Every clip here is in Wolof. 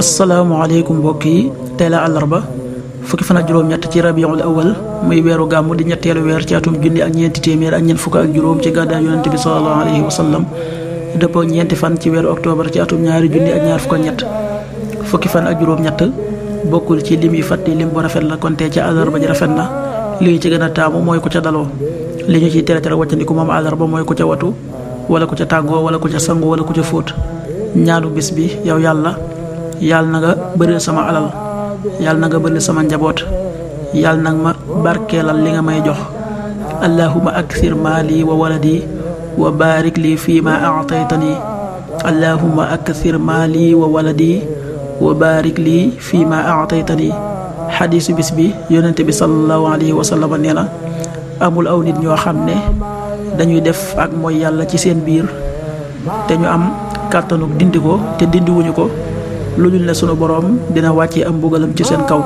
asalaamaaleykum mbokk yi tey la àllarba fukki fan ak juróom-ñett ci rabiul awal muy weeru gàmm di ñetteelu weer ci atum junni ak ñeenti téeméer ak ñeent fukk ak juróom ci gàddaay yonent bi sallallahu alayhi wa sallam dëppoo ñeenti fan ci weeru octobre ci atum ñaari junni ak ñaar fukk ñett fukki fan ak juróom-ñett bokkul ci lim yu yi lim bu rafet la kon tey ca àllarba ji rafet na li ñu ci gën a taamu mooy ku ca daloo li ñu ciy tere tere wàccandiku moom àllarba mooy ku ca watu wala ku ca tàggoo wala ku ca sangu wala ku ca fóot ñaanu bis bi yow yàlla yàlla na nga bëril sama alal yàlla na nga bëril sama njaboot yàlla na ma barkeelal li nga may jox allahuma aksir maali wa waladi wa baarik lii fii ma aataytani allahuma aksir maali wa lii fii ma bis bi yonente bi salallahu alayhi wa sallam nee na amul aw nit ñoo xam ne dañuy def ak mooy yàlla ci seen biir te ñu am kàttanu dindi ko te dindiwuñu ko lu dul ne sunu boroom dina wàccee am mbugalam ci seen kaw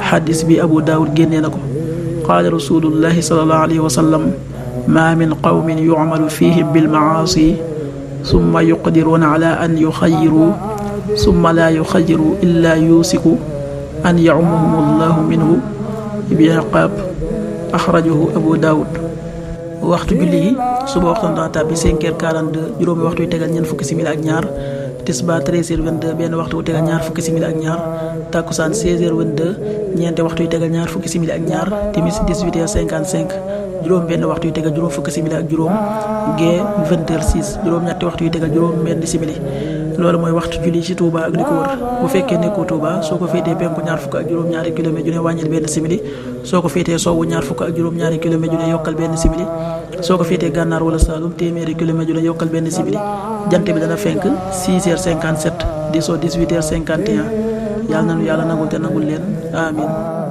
xadis bi abu daawud génnee na ko qaala rasulullahi salallahu alayhi wa sallam maa min qawmin yucmalu fihim bilmacaasi summa yuqdiruuna ala an yuxayiruu an yacumuhum allahu minhu bi iqaab axrajahu abu daawud waxtu julli yi suba waxtaan dana tàbbi 5h42 juróomi waxtu yu tegal ñeent fukki simili ak ñaar tisba 13h22 benn waxtu wu tegal ñaar fukki simili ak ñaar takkusaan 16h22 ñeenti waxtu tegal ñaar fukki simili ak ñaar timis 18h55 juróom benn waxtu yu tegal juróom fukki simili ak juróom gee 20h06 juróom ñetti waxtu yu tegal juróom benn simili loolu mooy waxtu julli ci Touba ak li ko wër bu fekkee nekkoo Touba soo ko féetee penku ñaar fukk ak juróom-ñaari kilomètre ju ne wàññil benn simili soo ko féetee sowwu ñaar fukk ak juróom-ñaari kilomètre ju ne yokkal benn simili soo ko féetee gànnaar wala Saalum téeméeri kilomètre ju ne yokkal benn simili jant bi dana fenk 6 heures 57 di soo 18 heures 51 yàlla nanu yàlla nangul te nangul leen amin